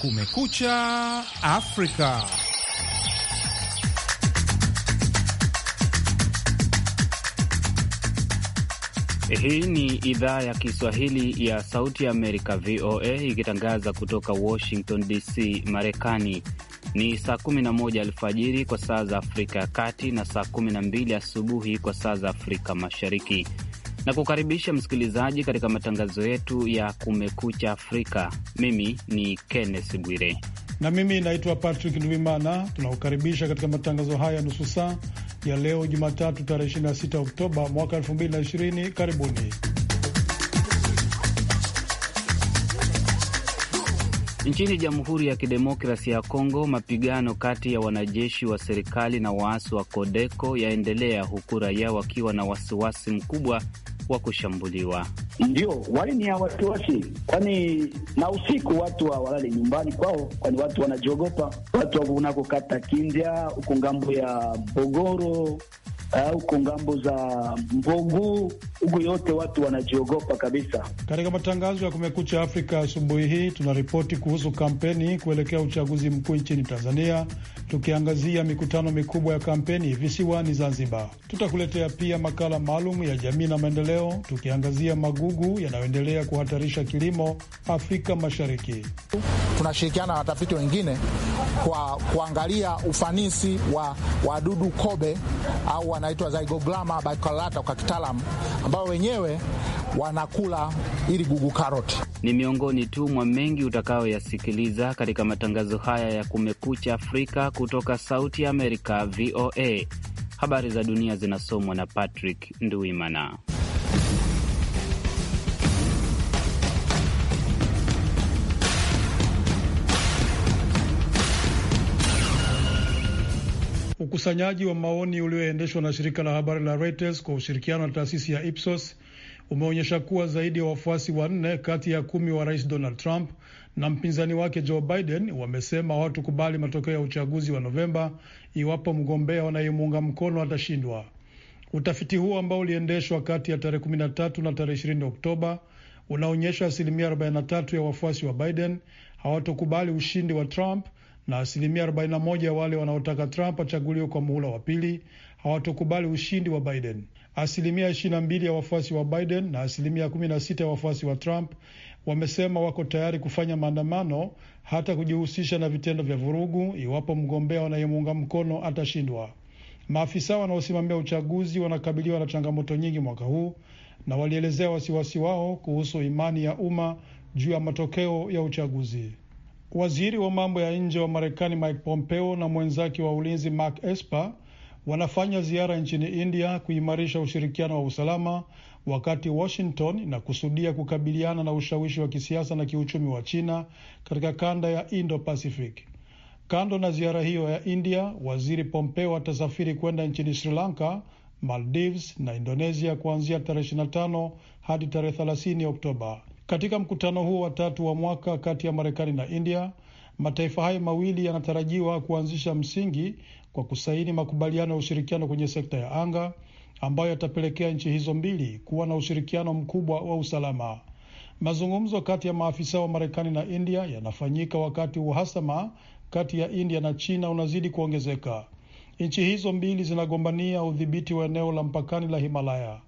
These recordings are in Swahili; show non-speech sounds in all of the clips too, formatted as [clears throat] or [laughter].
Kumekucha Afrika. Hii ni idhaa ya Kiswahili ya Sauti ya Amerika, VOA, ikitangaza kutoka Washington DC, Marekani. Ni saa 11 alfajiri kwa saa za Afrika ya Kati na saa 12 asubuhi kwa saa za Afrika Mashariki na kukaribisha msikilizaji katika matangazo yetu ya Kumekucha Afrika. Mimi ni Kenneth Bwire na mimi naitwa Patrick Ndwimana. Tunakukaribisha katika matangazo haya nusu saa ya leo Jumatatu, tarehe 26 Oktoba mwaka 2020. Karibuni. Nchini Jamhuri ya kidemokrasi ya Kongo, mapigano kati ya wanajeshi wa serikali na waasi wa Kodeko yaendelea huku raia wakiwa na wasiwasi mkubwa wa kushambuliwa. Ndio wali ni ya wasiwasi, kwani na usiku watu hawalali nyumbani kwao, kwani watu wanajiogopa. Watu wakunako Kindya huko ngambo ya Bogoro huko uh, ngambo za Mvongu huko yote watu wanajiogopa kabisa. Katika matangazo ya Kumekucha Afrika asubuhi hii tunaripoti kuhusu kampeni kuelekea uchaguzi mkuu nchini Tanzania, tukiangazia mikutano mikubwa ya kampeni visiwani Zanzibar. Tutakuletea pia makala maalum ya jamii na maendeleo, tukiangazia magugu yanayoendelea kuhatarisha kilimo Afrika Mashariki. Tunashirikiana na watafiti wengine kwa kuangalia ufanisi wa wadudu kobe au wanaitwa Zygoglama baculata kwa kitaalam, ambao wenyewe wanakula ili gugu karoti. Ni miongoni tu mwa mengi utakayoyasikiliza katika matangazo haya ya Kumekucha Afrika kutoka Sauti ya Amerika, VOA. Habari za dunia zinasomwa na Patrick Nduimana. Ukusanyaji wa maoni ulioendeshwa na shirika la habari la Reuters kwa ushirikiano na taasisi ya Ipsos umeonyesha kuwa zaidi ya wafuasi wanne kati ya kumi wa rais Donald Trump na mpinzani wake Joe Biden wamesema hawatukubali matokeo ya uchaguzi wa Novemba iwapo mgombea wanayemuunga mkono atashindwa. Utafiti huo ambao uliendeshwa kati ya tarehe 13 na tarehe 20 Oktoba unaonyesha asilimia 43 ya wafuasi wa Biden hawatukubali ushindi wa Trump na asilimia 41 ya wale wanaotaka Trump achaguliwe kwa muhula wa pili hawatokubali ushindi wa Biden. Asilimia 22 ya wafuasi wa Biden na asilimia 16 ya wafuasi wa Trump wamesema wako tayari kufanya maandamano, hata kujihusisha na vitendo vya vurugu, iwapo mgombea wanayemuunga mkono atashindwa. Maafisa wanaosimamia uchaguzi wanakabiliwa na changamoto nyingi mwaka huu na walielezea wasiwasi wao kuhusu imani ya umma juu ya matokeo ya uchaguzi. Waziri wa mambo ya nje wa Marekani Mike Pompeo na mwenzake wa ulinzi Mark Esper wanafanya ziara nchini India kuimarisha ushirikiano wa usalama, wakati Washington inakusudia kukabiliana na ushawishi wa kisiasa na kiuchumi wa China katika kanda ya Indo Pacific. Kando na ziara hiyo ya India, waziri Pompeo atasafiri kwenda nchini Sri Lanka, Maldives na Indonesia kuanzia tarehe 25 hadi tarehe 30 Oktoba. Katika mkutano huo wa tatu wa mwaka kati ya Marekani na India, mataifa hayo mawili yanatarajiwa kuanzisha msingi kwa kusaini makubaliano ya ushirikiano kwenye sekta ya anga ambayo yatapelekea nchi hizo mbili kuwa na ushirikiano mkubwa wa usalama. Mazungumzo kati ya maafisa wa Marekani na India yanafanyika wakati uhasama kati ya India na China unazidi kuongezeka. Nchi hizo mbili zinagombania udhibiti wa eneo la mpakani la Himalaya.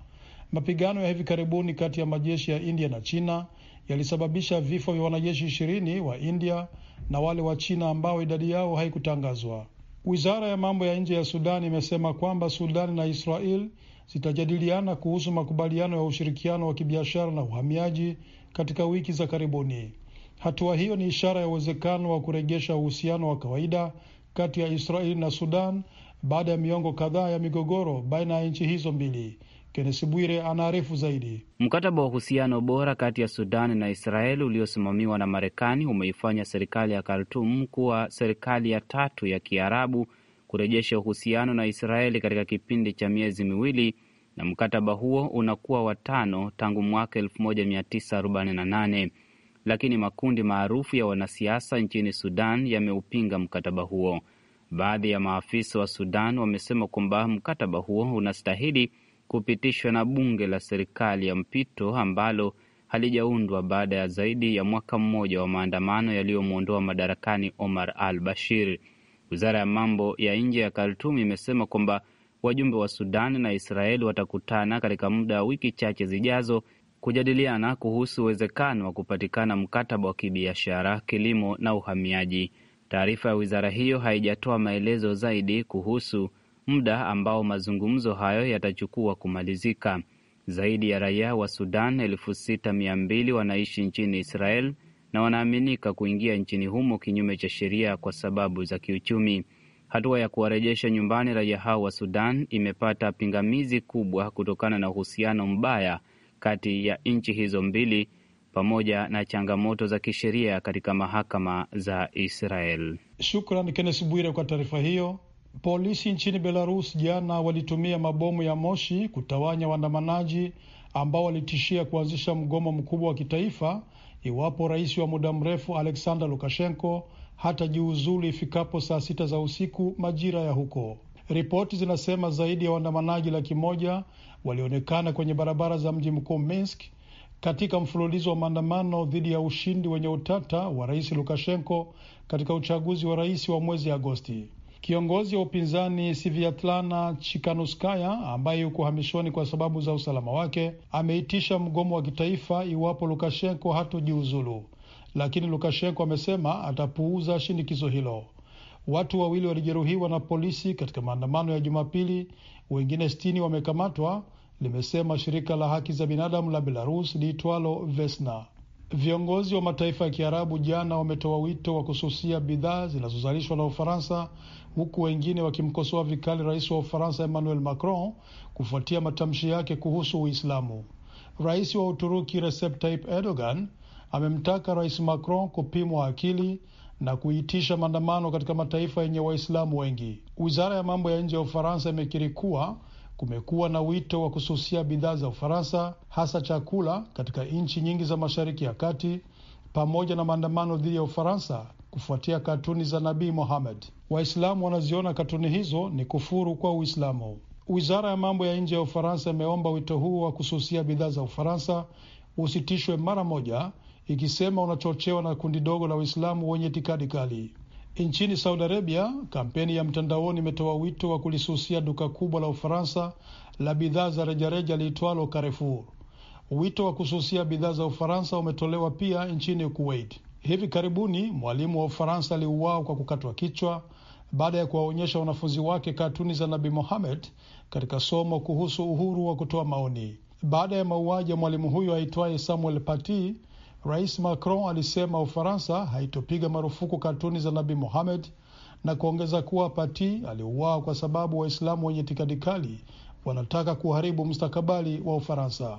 Mapigano ya hivi karibuni kati ya majeshi ya India na China yalisababisha vifo vya wanajeshi ishirini wa India na wale wa China ambao idadi yao haikutangazwa. Wizara ya mambo ya nje ya Sudani imesema kwamba Sudani na Israel zitajadiliana kuhusu makubaliano ya ushirikiano wa kibiashara na uhamiaji katika wiki za karibuni. Hatua hiyo ni ishara ya uwezekano wa kurejesha uhusiano wa kawaida kati ya Israeli na Sudan baada ya miongo kadhaa ya migogoro baina ya nchi hizo mbili. Kennes Bwire anaarifu zaidi. Mkataba wa uhusiano bora kati ya Sudan na Israel uliosimamiwa na Marekani umeifanya serikali ya Khartum kuwa serikali ya tatu ya Kiarabu kurejesha uhusiano na Israeli katika kipindi cha miezi miwili, na mkataba huo unakuwa wa tano tangu mwaka 1948 lakini makundi maarufu ya wanasiasa nchini Sudan yameupinga mkataba huo. Baadhi ya maafisa wa Sudan wamesema kwamba mkataba huo unastahili kupitishwa na bunge la serikali ya mpito ambalo halijaundwa baada ya zaidi ya mwaka mmoja wa maandamano yaliyomwondoa madarakani Omar al Bashir. Wizara ya mambo ya nje ya Khartum imesema kwamba wajumbe wa Sudan na Israeli watakutana katika muda wa wiki chache zijazo kujadiliana kuhusu uwezekano wa kupatikana mkataba wa kibiashara, kilimo na uhamiaji. Taarifa ya wizara hiyo haijatoa maelezo zaidi kuhusu muda ambao mazungumzo hayo yatachukua kumalizika. Zaidi ya raia wa Sudan elfu sita mia mbili wanaishi nchini Israel na wanaaminika kuingia nchini humo kinyume cha sheria kwa sababu za kiuchumi. Hatua ya kuwarejesha nyumbani raia hao wa Sudan imepata pingamizi kubwa kutokana na uhusiano mbaya kati ya nchi hizo mbili pamoja na changamoto za kisheria katika mahakama za Israel. Shukran Kennes Bwire kwa taarifa hiyo. Polisi nchini Belarus jana walitumia mabomu ya moshi kutawanya waandamanaji ambao walitishia kuanzisha mgomo mkubwa wa kitaifa iwapo rais wa muda mrefu Alexander Lukashenko hatajiuzulu ifikapo saa sita za usiku majira ya huko. Ripoti zinasema zaidi ya waandamanaji laki moja walionekana kwenye barabara za mji mkuu Minsk katika mfululizo wa maandamano dhidi ya ushindi wenye utata wa rais Lukashenko katika uchaguzi wa rais wa mwezi Agosti. Kiongozi wa upinzani Sviatlana Chikanuskaya ambaye yuko uhamishoni kwa sababu za usalama wake ameitisha mgomo wa kitaifa iwapo Lukashenko hatojiuzulu, lakini Lukashenko amesema atapuuza shinikizo hilo. Watu wawili walijeruhiwa na polisi katika maandamano ya Jumapili, wengine sitini wamekamatwa, limesema shirika la haki za binadamu la Belarus liitwalo Vesna. Viongozi wa mataifa ya Kiarabu jana wametoa wito wa kususia bidhaa zinazozalishwa na Ufaransa, huku wengine wakimkosoa vikali rais wa Ufaransa Emmanuel Macron kufuatia matamshi yake kuhusu Uislamu. Rais wa Uturuki Recep Tayyip Erdogan amemtaka rais Macron kupimwa akili na kuitisha maandamano katika mataifa yenye Waislamu wengi. Wizara ya mambo ya nje ya Ufaransa imekiri kuwa kumekuwa na wito wa kususia bidhaa za Ufaransa, hasa chakula, katika nchi nyingi za Mashariki ya Kati, pamoja na maandamano dhidi ya Ufaransa kufuatia katuni za Nabii Mohammed. Waislamu wanaziona katuni hizo ni kufuru kwa Uislamu. Wizara ya mambo ya nje ya Ufaransa imeomba wito huo wa kususia bidhaa za Ufaransa usitishwe mara moja, ikisema unachochewa na kundi dogo la Waislamu wenye itikadi kali. Nchini Saudi Arabia, kampeni ya mtandaoni imetoa wito wa kulisusia duka kubwa la Ufaransa la bidhaa za rejareja liitwalo Carrefour. Wito wa kususia bidhaa za Ufaransa umetolewa pia nchini Kuwait. Hivi karibuni mwalimu wa Ufaransa aliuawa kwa kukatwa kichwa baada ya kuwaonyesha wanafunzi wake katuni za Nabi Mohammed katika somo kuhusu uhuru wa kutoa maoni. Baada ya mauaji ya mwalimu huyo aitwaye Samuel Paty, Rais Macron alisema Ufaransa haitopiga marufuku katuni za Nabii Mohammed na kuongeza kuwa Pati aliuawa kwa sababu Waislamu wenye itikadi kali wanataka kuharibu mustakabali wa Ufaransa.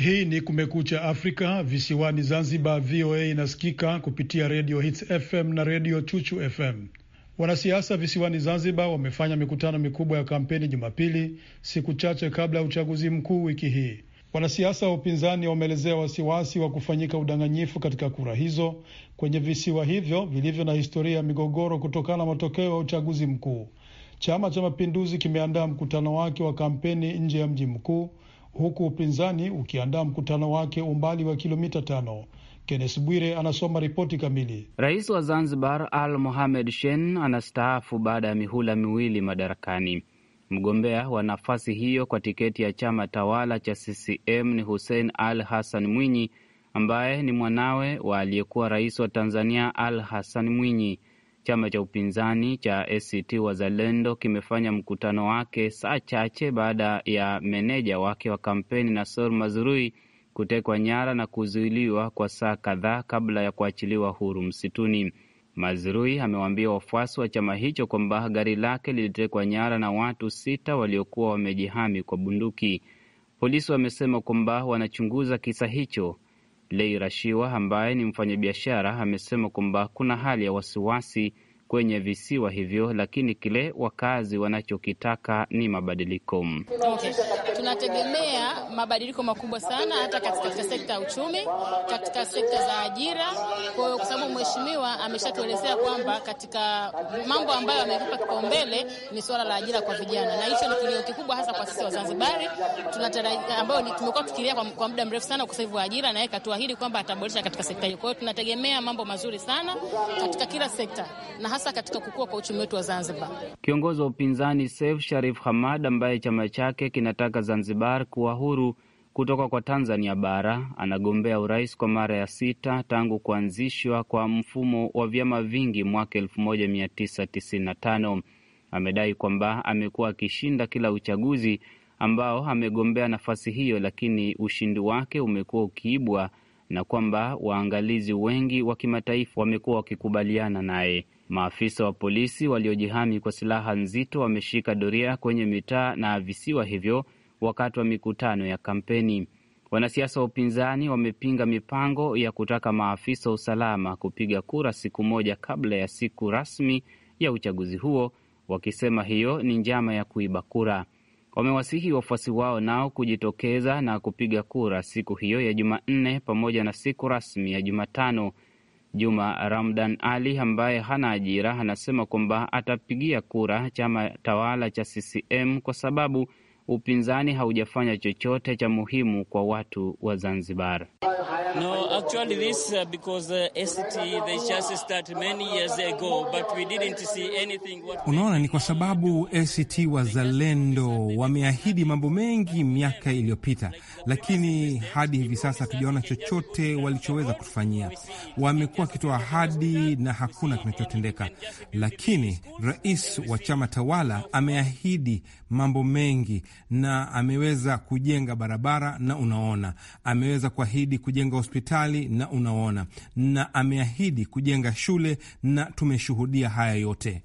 Hii ni Kumekucha Afrika. Visiwani Zanzibar, VOA inasikika kupitia redio Hits FM na redio Chuchu FM. Wanasiasa visiwani Zanzibar wamefanya mikutano mikubwa ya kampeni Jumapili, siku chache kabla ya uchaguzi mkuu wiki hii. Wanasiasa wa upinzani wameelezea wasiwasi wa kufanyika udanganyifu katika kura hizo kwenye visiwa hivyo vilivyo na historia ya migogoro kutokana na matokeo ya uchaguzi mkuu. Chama cha Mapinduzi kimeandaa mkutano wake wa kampeni nje ya mji mkuu huku upinzani ukiandaa mkutano wake umbali wa kilomita tano. Kennes Bwire anasoma ripoti kamili. Rais wa Zanzibar Al Mohamed shen anastaafu baada ya mihula miwili madarakani. Mgombea wa nafasi hiyo kwa tiketi ya chama tawala cha CCM ni Hussein Al Hassan Mwinyi ambaye ni mwanawe wa aliyekuwa rais wa Tanzania Al Hassan Mwinyi. Chama cha upinzani cha ACT Wazalendo kimefanya mkutano wake saa chache baada ya meneja wake wa kampeni na sor Mazurui kutekwa nyara na kuzuiliwa kwa saa kadhaa kabla ya kuachiliwa huru msituni. mazurui amewaambia wafuasi wa chama hicho kwamba gari lake lilitekwa nyara na watu sita waliokuwa wamejihami kwa bunduki. Polisi wamesema kwamba wanachunguza kisa hicho leirashiwa ambaye ni mfanyabiashara amesema kwamba kuna hali ya wasiwasi kwenye visiwa hivyo, lakini kile wakazi wanachokitaka ni mabadiliko. Tunategemea mabadiliko makubwa sana hata katika, katika sekta ya uchumi, katika sekta za ajira, kwa sababu mheshimiwa ameshatuelezea kwamba katika mambo ambayo amevipa kipaumbele ni suala la ajira kwa vijana, na hicho ni kilio kikubwa hasa kwa sisi Wazanzibari ambayo tumekuwa tukilia kwa, kwa muda mrefu sana ukosefu wa ajira, na yeye katuahidi kwamba ataboresha katika sekta hiyo. Kwa hiyo tunategemea mambo mazuri sana katika kila sekta na hasa katika kukua kwa uchumi wetu wa Zanzibar. Kiongozi wa upinzani Seif Sharif Hamad ambaye chama chake kinataka Zanzibar kuwa huru kutoka kwa Tanzania bara anagombea urais kwa mara ya sita tangu kuanzishwa kwa mfumo wa vyama vingi mwaka 1995. Amedai kwamba amekuwa akishinda kila uchaguzi ambao amegombea nafasi hiyo, lakini ushindi wake umekuwa ukiibwa na kwamba waangalizi wengi wa kimataifa wamekuwa wakikubaliana naye. Maafisa wa polisi waliojihami kwa silaha nzito wameshika doria kwenye mitaa na visiwa hivyo wakati wa mikutano ya kampeni. Wanasiasa wa upinzani wamepinga mipango ya kutaka maafisa wa usalama kupiga kura siku moja kabla ya siku rasmi ya uchaguzi huo, wakisema hiyo ni njama ya kuiba kura. Wamewasihi wafuasi wao nao kujitokeza na kupiga kura siku hiyo ya Jumanne pamoja na siku rasmi ya Jumatano. Juma Ramdan Ali ambaye hana ajira anasema kwamba atapigia kura chama tawala cha CCM kwa sababu upinzani haujafanya chochote cha muhimu kwa watu wa Zanzibar. No, actually this uh, because uh, they just many years ago but we didn't see anything what... Unaona, ni kwa sababu ACT Wazalendo wameahidi mambo mengi miaka iliyopita, lakini hadi hivi sasa hatujaona chochote walichoweza kutufanyia. Wamekuwa wakitoa ahadi na hakuna kinachotendeka, lakini rais wa chama tawala ameahidi mambo mengi, na ameweza kujenga barabara na unaona, ameweza kuahidi kujenga hospitali na unaona, na ameahidi kujenga shule na tumeshuhudia haya yote.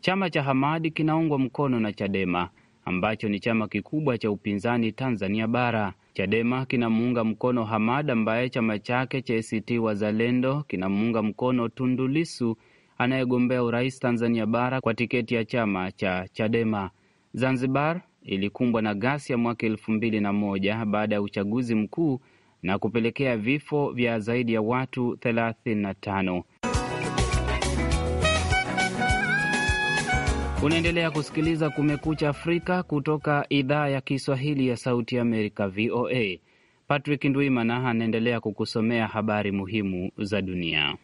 Chama cha Hamadi kinaungwa mkono na Chadema ambacho ni chama kikubwa cha upinzani Tanzania bara. Chadema kinamuunga mkono Hamad ambaye chama chake cha ACT Wazalendo kinamuunga mkono tundulisu anayegombea urais Tanzania bara kwa tiketi ya chama cha Chadema. Zanzibar ilikumbwa na ghasia mwaka elfu mbili na moja baada ya uchaguzi mkuu na kupelekea vifo vya zaidi ya watu 35. Unaendelea kusikiliza Kumekucha Afrika kutoka idhaa ya Kiswahili ya Sauti ya Amerika, VOA. Patrick Ndwimana anaendelea kukusomea habari muhimu za dunia.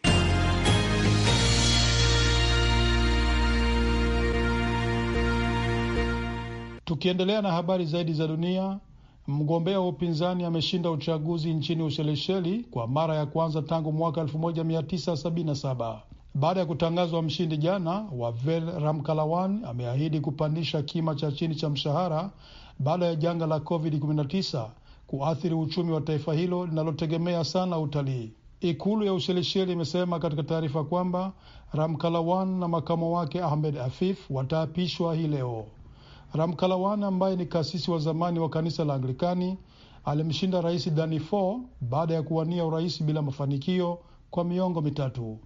Tukiendelea na habari zaidi za dunia, mgombea wa upinzani ameshinda uchaguzi nchini Ushelisheli kwa mara ya kwanza tangu mwaka 1977 baada ya kutangazwa mshindi jana. Wavel Ramkalawan ameahidi kupandisha kima cha chini cha mshahara baada ya janga la COVID-19 kuathiri uchumi wa taifa hilo linalotegemea sana utalii. Ikulu ya Ushelisheli imesema katika taarifa kwamba Ramkalawan na makamo wake Ahmed Afif wataapishwa hii leo. Ramkalawan ambaye ni kasisi wa zamani wa kanisa la Anglikani alimshinda rais Danifo baada ya kuwania urais bila mafanikio kwa miongo mitatu.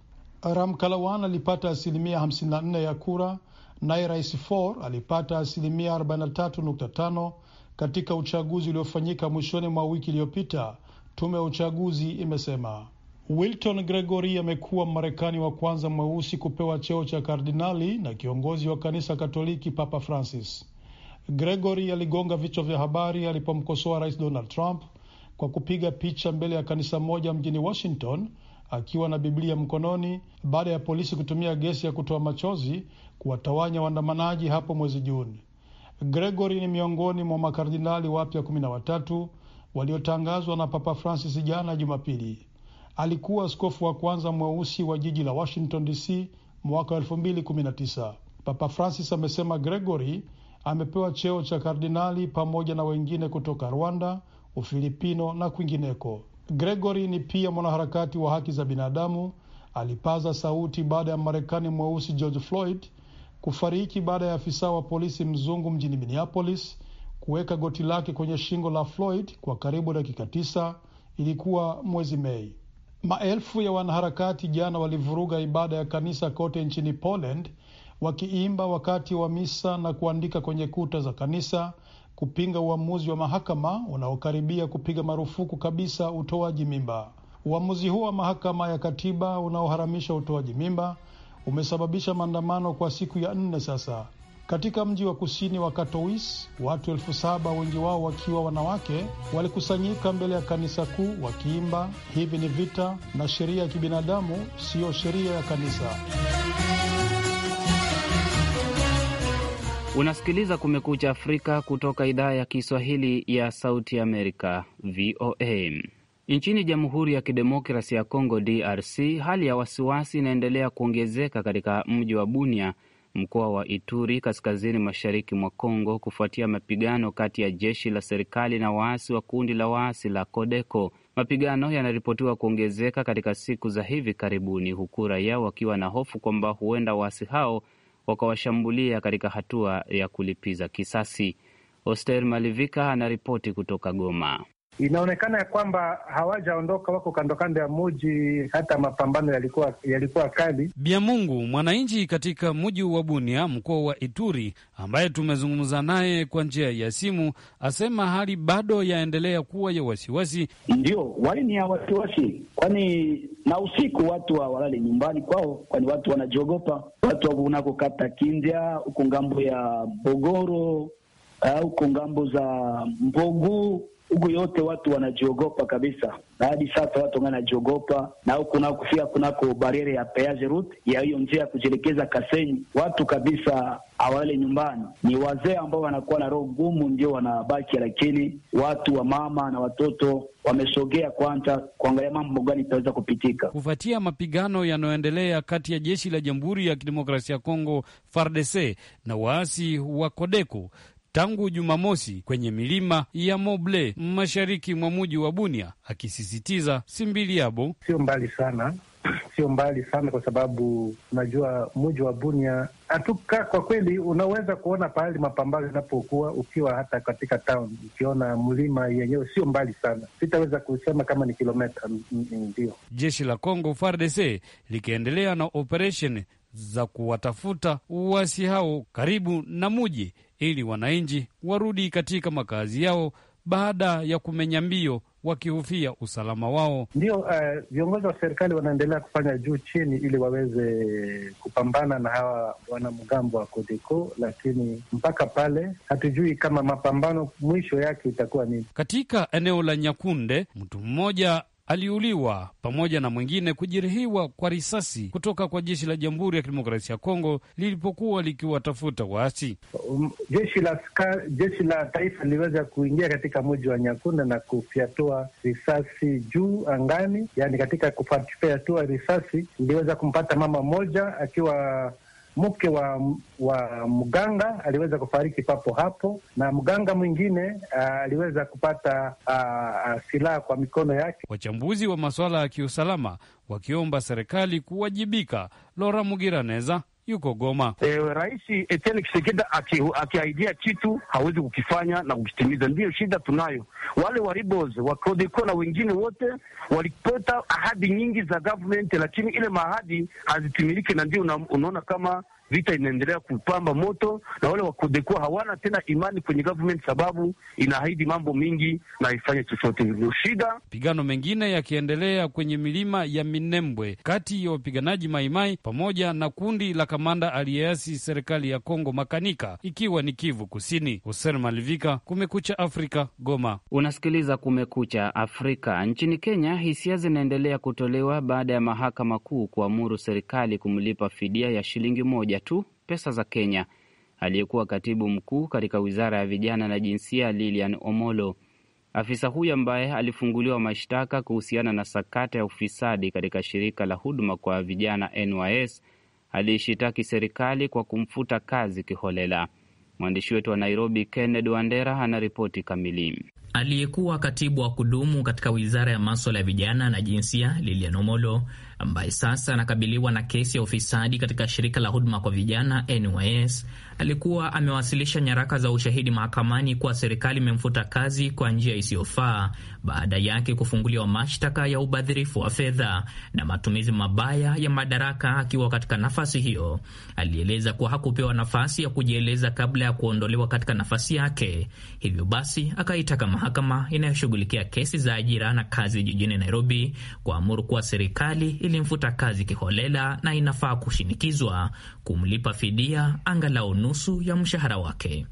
Ramkalawan alipata asilimia 54 ya kura, naye rais Faure alipata asilimia 43.5 katika uchaguzi uliofanyika mwishoni mwa wiki iliyopita, tume ya uchaguzi imesema. Wilton Gregory amekuwa Mmarekani wa kwanza mweusi kupewa cheo cha kardinali na kiongozi wa kanisa Katoliki Papa Francis. Gregory aligonga vichwa vya habari alipomkosoa Rais Donald Trump kwa kupiga picha mbele ya kanisa moja mjini Washington akiwa na Biblia mkononi baada ya polisi kutumia gesi ya kutoa machozi kuwatawanya waandamanaji hapo mwezi Juni. Gregory ni miongoni mwa makardinali wapya kumi na watatu waliotangazwa na Papa Francis jana Jumapili. Alikuwa askofu wa kwanza mweusi wa jiji la Washington DC mwaka 2019. Papa Francis amesema Gregory amepewa cheo cha kardinali pamoja na wengine kutoka Rwanda, Ufilipino na kwingineko. Gregory ni pia mwanaharakati wa haki za binadamu. Alipaza sauti baada ya Marekani mweusi George Floyd kufariki baada ya afisa wa polisi mzungu mjini Minneapolis kuweka goti lake kwenye shingo la Floyd kwa karibu dakika tisa. Ilikuwa mwezi Mei. Maelfu ya wanaharakati jana walivuruga ibada ya kanisa kote nchini Poland wakiimba wakati wa misa na kuandika kwenye kuta za kanisa kupinga uamuzi wa mahakama unaokaribia kupiga marufuku kabisa utoaji mimba. Uamuzi huo wa mahakama ya katiba unaoharamisha utoaji mimba umesababisha maandamano kwa siku ya nne sasa katika mji wa kusini wa Katowice. Watu elfu saba wengi wao wakiwa wanawake walikusanyika mbele ya kanisa kuu wakiimba hivi ni vita na sheria ya kibinadamu siyo sheria ya kanisa. Unasikiliza Kumekucha Afrika kutoka idhaa ya Kiswahili ya Sauti Amerika, VOA. Nchini Jamhuri ya Kidemokrasi ya Kongo, DRC, hali ya wasiwasi inaendelea kuongezeka katika mji wa Bunia, mkoa wa Ituri, kaskazini mashariki mwa Kongo, kufuatia mapigano kati ya jeshi la serikali na waasi wa kundi la waasi la Kodeko. Mapigano yanaripotiwa kuongezeka katika siku za hivi karibuni, huku raia wakiwa na hofu kwamba huenda waasi hao wakawashambulia katika hatua ya kulipiza kisasi. Oster Malivika anaripoti kutoka Goma. Inaonekana ya kwamba hawajaondoka, wako kando kando ya muji, hata mapambano yalikuwa yalikuwa kali. Biamungu, mwananchi katika muji wa Bunia, mkoa wa Ituri, ambaye tumezungumza naye kwa njia ya simu, asema hali bado yaendelea kuwa ya wasiwasi. Ndio wali ni ya wasiwasi, kwani na usiku watu hawalali nyumbani kwao, kwani watu wanajiogopa. Watu unakokata Kindya, huko ngambo ya Bogoro, eh, huko uh, ngambo za Mbogu huku yote watu wanajiogopa kabisa, na hadi sasa watu wanajiogopa, na huku nao kufika kunako bariere ya peage route ya hiyo njia ya kujielekeza Kasenyi, watu kabisa awale nyumbani. Ni wazee ambao wanakuwa na roho ngumu ndio wanabaki, lakini watu wa mama na watoto wamesogea kwanza kuangalia mambo gani itaweza kupitika kufuatia mapigano yanayoendelea kati ya jeshi la Jamhuri ya Kidemokrasia ya Kongo FARDC na waasi wa Kodeko tangu Jumamosi kwenye milima ya Moble mashariki mwa muji wa Bunia, akisisitiza Simbiliabo sio mbali sana [clears throat] sio mbali sana kwa sababu unajua muji wa Bunia hatuka kwa kweli, unaweza kuona pahali mapambano inapokuwa ukiwa hata katika town, ukiona mlima yenyewe sio mbali sana. Sitaweza kusema kama ni kilometa. Ndio jeshi la Congo FARDC likiendelea na operesheni za kuwatafuta uasi hao karibu na muji ili wananchi warudi katika makazi yao baada ya kumenya mbio wakihofia usalama wao. Ndio eh, viongozi uh, wa serikali wanaendelea kufanya juu chini ili waweze kupambana na hawa wanamgambo wa Kodeko, lakini mpaka pale hatujui kama mapambano mwisho yake itakuwa nini. Katika eneo la Nyakunde, mtu mmoja aliuliwa pamoja na mwingine kujeruhiwa kwa risasi kutoka kwa jeshi la Jamhuri ya Kidemokrasia ya Kongo lilipokuwa likiwatafuta waasi. Um, jeshi la jeshi la taifa liliweza kuingia katika mji wa Nyakunda na kufyatua risasi juu angani, yani katika kufyatua risasi liliweza kumpata mama mmoja akiwa mke wa, wa mganga aliweza kufariki papo hapo, na mganga mwingine ah, aliweza kupata ah, ah, silaha kwa mikono yake. Wachambuzi wa masuala ya kiusalama wakiomba serikali kuwajibika. Lora Mugiraneza yuko Goma. E, Rais Etienne Tshisekedi akiahidia aki kitu hawezi kukifanya na kukitimiza, ndiyo shida tunayo. Wale wa Ribos wa Codeco na wengine wote walipata ahadi nyingi za government, lakini ile maahadi hazitimiliki, na ndio unaona kama vita inaendelea kupamba moto, na wale wa Kodeko hawana tena imani kwenye government sababu inaahidi mambo mingi na haifanye chochote. Hivyo shida pigano mengine yakiendelea kwenye milima ya Minembwe kati ya wapiganaji Maimai pamoja na kundi la kamanda aliyeasi serikali ya Kongo Makanika, ikiwa ni Kivu Kusini. Hussein Malivika, Kumekucha Afrika, Goma. Unasikiliza Kumekucha Afrika. Nchini Kenya, hisia zinaendelea kutolewa baada ya mahakama kuu kuamuru serikali kumlipa fidia ya shilingi moja tu pesa za Kenya. Aliyekuwa katibu mkuu katika wizara ya vijana na jinsia Lilian Omolo, afisa huyo ambaye alifunguliwa mashtaka kuhusiana na sakata ya ufisadi katika shirika la huduma kwa vijana NYS, aliishitaki serikali kwa kumfuta kazi kiholela. Mwandishi wetu wa Nairobi, Kennedy Wandera, anaripoti kamili. Aliyekuwa katibu wa kudumu katika wizara ya maswala ya vijana na jinsia Lilian Omolo ambaye sasa anakabiliwa na kesi ya ufisadi katika shirika la huduma kwa vijana NYS alikuwa amewasilisha nyaraka za ushahidi mahakamani kuwa serikali imemfuta kazi kwa njia isiyofaa baada yake kufunguliwa mashtaka ya ubadhirifu wa fedha na matumizi mabaya ya madaraka akiwa katika nafasi hiyo. Alieleza kuwa hakupewa nafasi ya kujieleza kabla ya kuondolewa katika nafasi yake, hivyo basi akaitaka mahakama inayoshughulikia kesi za ajira na kazi jijini Nairobi kuamuru kuwa serikali ilimfuta kazi kiholela na inafaa kushinikizwa kumlipa fidia angalau nusu ya mshahara wake.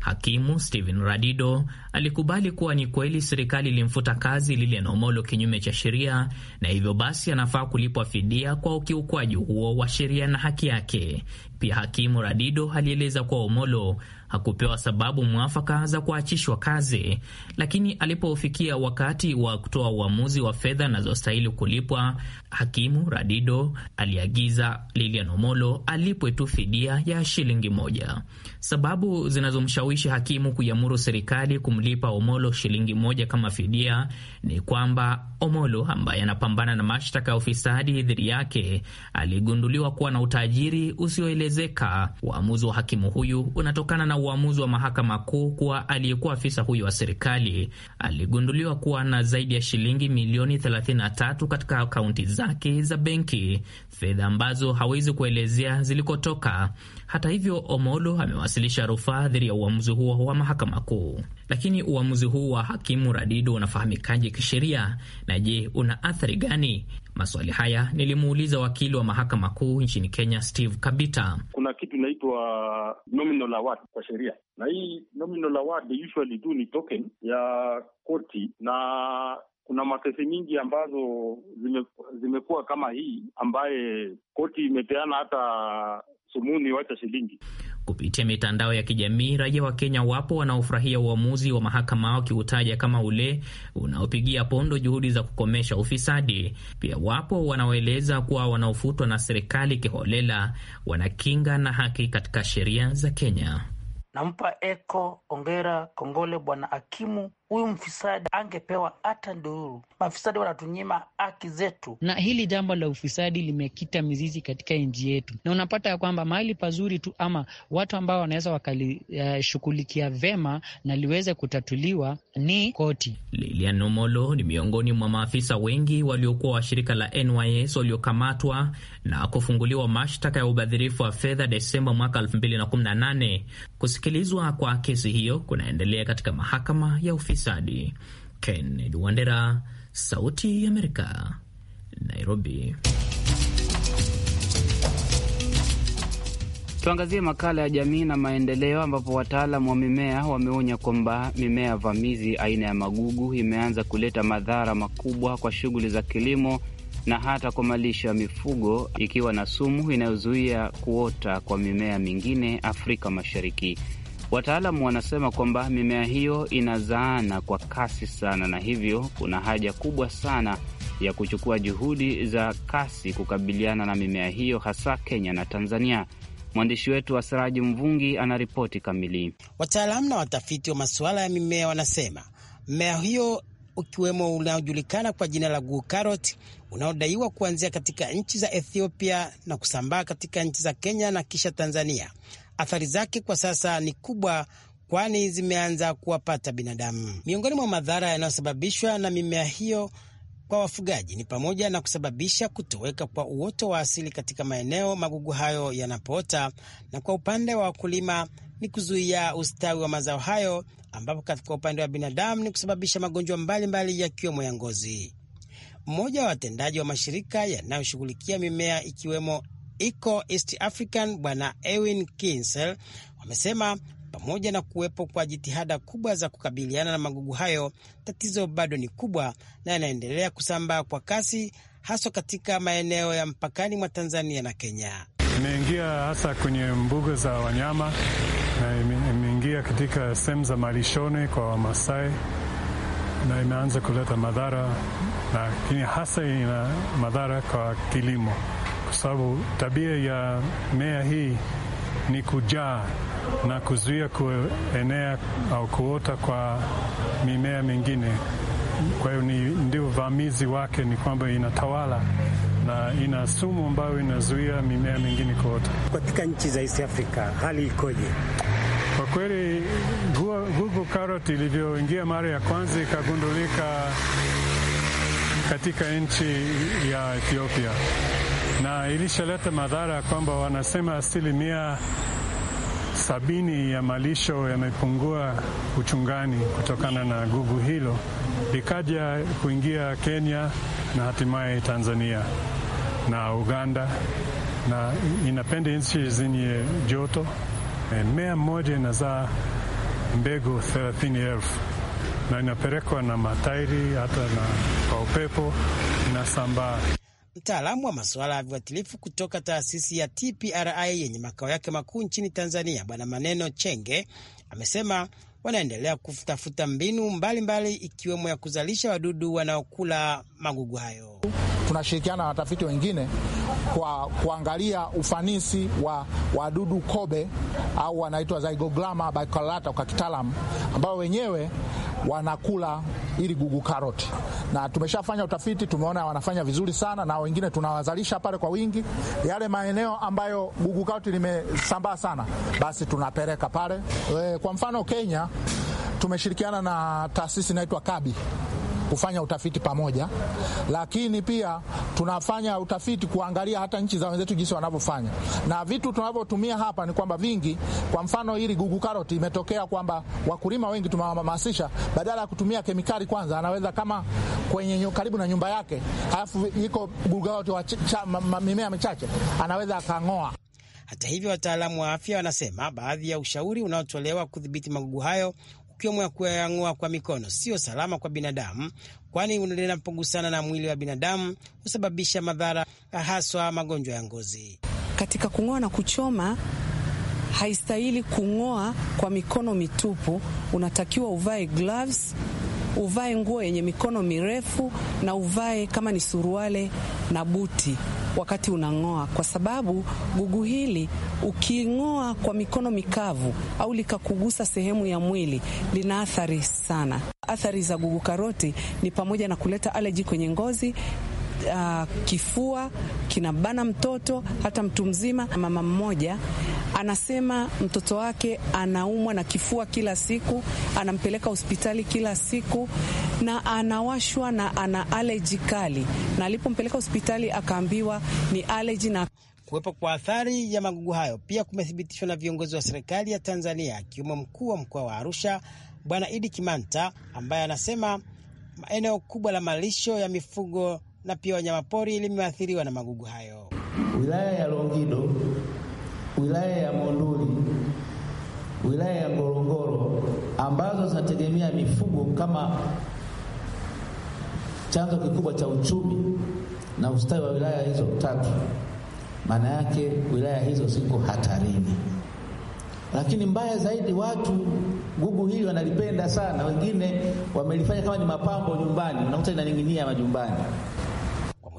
Hakimu stehen Radido alikubali kuwa ni kweli serikali ilimfuta kazi Lilian Omolo kinyume cha sheria, na hivyo basi anafaa kulipwa fidia kwa ukiukwaji huo wa sheria na haki yake. Pia hakimu Radido alieleza kuwa Omolo hakupewa sababu mwafaka za kuachishwa kazi, lakini alipofikia wakati wa kutoa uamuzi wa fedha anazostahili kulipwa, hakimu Radido aliagiza Lilian Omolo alipwe tu fidia ya shilingi moja. Sababu zinazomshawishi hakimu kuiamuru serikali kumlipa Omolo shilingi moja kama fidia ni kwamba Omolo ambaye anapambana na mashtaka ya ufisadi dhidi yake aligunduliwa kuwa na utajiri usioelezeka. Uamuzi wa hakimu huyu unatokana na uamuzi wa mahakama kuu kuwa aliyekuwa afisa huyu wa serikali aligunduliwa kuwa na zaidi ya shilingi milioni 33 katika akaunti zake zake za benki, fedha ambazo hawezi kuelezea zilikotoka. Hata hivyo, Omolo amewasilisha rufaa dhidi ya uamuzi huo wa mahakama kuu. Lakini uamuzi huu wa hakimu Radido unafahamikaje kisheria na je, una athari gani? Maswali haya nilimuuliza wakili wa mahakama kuu nchini Kenya, Steve Kabita. Kuna kitu inaitwa nominal award kwa sheria, na hii nominal award usually tu ni token ya koti na kuna makesi nyingi ambazo zime, zimekuwa kama hii ambaye koti imepeana hata sumuni wacha shilingi. Kupitia mitandao ya kijamii, raia wa Kenya wapo wanaofurahia uamuzi wa mahakama wakiutaja kama ule unaopigia pondo juhudi za kukomesha ufisadi. Pia wapo wanaoeleza kuwa wanaofutwa na serikali kiholela wanakinga na haki katika sheria za Kenya. Nampa eko ongera kongole Bwana Akimu huyu mfisadi angepewa hata ndururu. Mafisadi wanatunyima haki zetu, na hili jambo la ufisadi limekita mizizi katika nchi yetu, na unapata ya kwamba mahali pazuri tu ama watu ambao wanaweza wakalishughulikia eh, uh, vema na liweze kutatuliwa ni koti. Lilian Omolo ni miongoni mwa maafisa wengi waliokuwa wa shirika la NYS waliokamatwa na kufunguliwa mashtaka ya ubadhirifu wa fedha Desemba mwaka 2018. Kusikilizwa kwa kesi hiyo kunaendelea katika mahakama ya ufisadi ufisadi. Kennedy Wandera, Sauti ya Amerika, Nairobi. Tuangazie makala ya jamii na maendeleo, ambapo wataalam wa mimea wameonya kwamba mimea vamizi aina ya magugu imeanza kuleta madhara makubwa kwa shughuli za kilimo na hata kwa malisho ya mifugo, ikiwa na sumu inayozuia kuota kwa mimea mingine Afrika Mashariki. Wataalamu wanasema kwamba mimea hiyo inazaana kwa kasi sana, na hivyo kuna haja kubwa sana ya kuchukua juhudi za kasi kukabiliana na mimea hiyo, hasa Kenya na Tanzania. Mwandishi wetu Saraji Mvungi anaripoti kamili. Wataalamu na watafiti wa masuala ya mimea wanasema mmea hiyo ukiwemo unaojulikana kwa jina la guu unaodaiwa kuanzia katika nchi za Ethiopia na kusambaa katika nchi za Kenya na kisha Tanzania athari zake kwa sasa ni kubwa kwani zimeanza kuwapata binadamu. Miongoni mwa madhara yanayosababishwa na mimea hiyo kwa wafugaji ni pamoja na kusababisha kutoweka kwa uoto wa asili katika maeneo magugu hayo yanapoota, na kwa upande wa wakulima ni kuzuia ustawi wa mazao hayo, ambapo katika upande wa binadamu ni kusababisha magonjwa mbalimbali yakiwemo ya ngozi. Mmoja wa watendaji wa mashirika yanayoshughulikia mimea ikiwemo Iko East African Bwana Ewin Kinsel wamesema pamoja na kuwepo kwa jitihada kubwa za kukabiliana na magugu hayo, tatizo bado ni kubwa na yanaendelea kusambaa kwa kasi, haswa katika maeneo ya mpakani mwa Tanzania na Kenya. Imeingia hasa kwenye mbuga za wanyama na imeingia katika sehemu za malishoni kwa Wamasai na imeanza kuleta madhara, lakini hasa ina madhara kwa kilimo kwa sababu tabia ya mea hii ni kujaa na kuzuia kuenea au kuota kwa mimea mingine. Kwa hiyo ndio uvamizi wake, ni kwamba inatawala na ina sumu ambayo inazuia mimea mingine kuota. Katika nchi za East Africa hali ikoje? Kwa kweli gugu karoti ilivyoingia mara ya kwanza ikagundulika katika nchi ya Ethiopia na ilishaleta madhara kwamba wanasema asilimia sabini ya malisho yamepungua uchungani kutokana na gugu hilo, likaja kuingia Kenya na hatimaye Tanzania na Uganda, na inapenda nchi zenye joto. Eh, Mmea mmoja inazaa mbegu thelathini elfu na inapelekwa na matairi hata na kwa upepo inasambaa mtaalamu wa masuala ya viuatilifu kutoka taasisi ya TPRI yenye makao yake makuu nchini Tanzania, Bwana Maneno Chenge amesema wanaendelea kutafuta mbinu mbalimbali ikiwemo ya kuzalisha wadudu wanaokula magugu hayo. Tunashirikiana na watafiti wengine kwa kuangalia ufanisi wa wadudu kobe au wanaitwa zigoglama bicolata kwa kitaalamu, ambao wenyewe wanakula ili gugu karoti, na tumeshafanya utafiti, tumeona wanafanya vizuri sana, na wengine tunawazalisha pale kwa wingi. Yale maeneo ambayo gugu karoti limesambaa sana, basi tunapeleka pale. Eh, kwa mfano Kenya tumeshirikiana na taasisi inaitwa Kabi kufanya utafiti pamoja, lakini pia tunafanya utafiti kuangalia hata nchi za wenzetu jinsi wanavyofanya, na vitu tunavyotumia hapa ni kwamba vingi, kwa mfano hili gugu carrot, imetokea kwamba wakulima wengi tumewahamasisha, badala ya kutumia kemikali, kwanza anaweza kama kwenye karibu na nyumba yake, halafu iko gugu carrot wa mimea michache, anaweza akang'oa. Hata hivyo, wataalamu wa afya wanasema baadhi ya ushauri unaotolewa kudhibiti magugu hayo mapikiwemo ya kuyang'oa kwa mikono sio salama kwa binadamu, kwani linapogusana na mwili wa binadamu husababisha madhara, eh, haswa magonjwa ya ngozi. Katika kung'oa na kuchoma haistahili kung'oa kwa mikono mitupu, unatakiwa uvae gloves uvae nguo yenye mikono mirefu na uvae kama ni suruale na buti wakati unang'oa, kwa sababu gugu hili uking'oa kwa mikono mikavu au likakugusa sehemu ya mwili lina athari sana. Athari za gugu karoti ni pamoja na kuleta aleji kwenye ngozi uh, kifua kinabana mtoto hata mtu mzima. Mama mmoja anasema mtoto wake anaumwa na kifua kila siku, anampeleka hospitali kila siku na anawashwa na ana aleji kali, na alipompeleka hospitali akaambiwa ni aleji na kuwepo kwa athari ya magugu hayo pia kumethibitishwa na viongozi wa serikali ya Tanzania akiwemo mkuu wa mkoa wa Arusha Bwana Idi Kimanta ambaye anasema eneo kubwa la malisho ya mifugo na pia wanyamapori limeathiriwa na magugu hayo. Wilaya ya Longido, wilaya ya Monduli, wilaya ya Ngorongoro ambazo zinategemea mifugo kama chanzo kikubwa cha uchumi na ustawi wa wilaya hizo tatu, maana yake wilaya hizo ziko hatarini. Lakini mbaya zaidi, watu gugu hili wanalipenda sana, wengine wamelifanya kama ni mapambo nyumbani, unakuta linaning'inia majumbani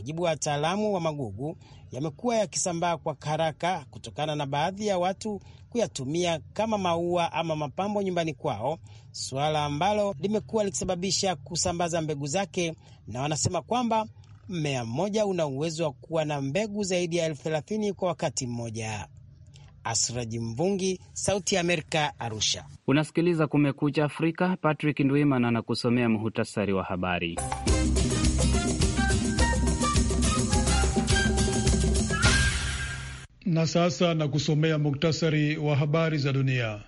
mujibu wa wataalamu wa magugu, yamekuwa yakisambaa kwa haraka kutokana na baadhi ya watu kuyatumia kama maua ama mapambo nyumbani kwao, suala ambalo limekuwa likisababisha kusambaza mbegu zake, na wanasema kwamba mmea mmoja una uwezo wa kuwa na mbegu zaidi ya elfu thelathini kwa wakati mmoja. Asraji Mvungi, Sauti ya Amerika, Arusha. Unasikiliza Kumekucha Afrika. Patrick Ndwimana anakusomea muhutasari wa habari. Na sasa na kusomea muktasari wa habari za dunia.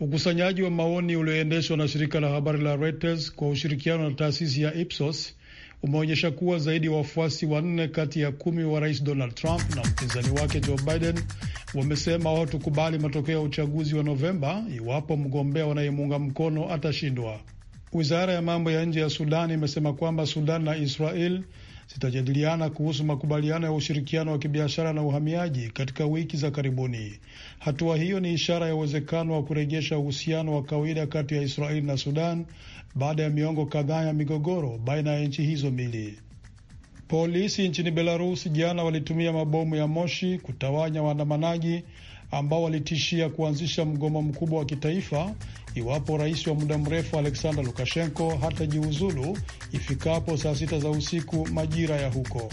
Ukusanyaji wa maoni ulioendeshwa na shirika la habari la Reuters kwa ushirikiano na taasisi ya Ipsos umeonyesha kuwa zaidi ya wafuasi wanne kati ya kumi wa rais Donald Trump na mpinzani wake Joe Biden wamesema hawatukubali matokeo ya uchaguzi wa Novemba iwapo mgombea wanayemuunga mkono atashindwa. Wizara ya mambo ya nje ya Sudani imesema kwamba Sudan na Israel zitajadiliana kuhusu makubaliano ya ushirikiano wa kibiashara na uhamiaji katika wiki za karibuni. Hatua hiyo ni ishara ya uwezekano wa kurejesha uhusiano wa kawaida kati ya Israeli na Sudan baada ya miongo kadhaa ya migogoro baina ya nchi hizo mbili. Polisi nchini Belarus jana walitumia mabomu ya moshi kutawanya waandamanaji ambao walitishia kuanzisha mgomo mkubwa wa kitaifa iwapo rais wa muda mrefu Alexander Lukashenko hatajiuzulu ifikapo saa sita za usiku majira ya huko.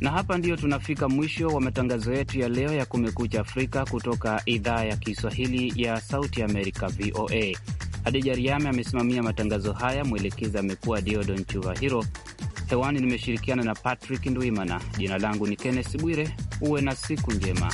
Na hapa ndiyo tunafika mwisho wa matangazo yetu ya leo ya Kumekucha Afrika kutoka idhaa ya Kiswahili ya Sauti Amerika, VOA. Hadija Riame amesimamia matangazo haya, mwelekezi amekuwa Diodon Chuvahiro. Hewani nimeshirikiana na Patrick Ndwimana. Jina langu ni Kenneth Bwire. Uwe na siku njema.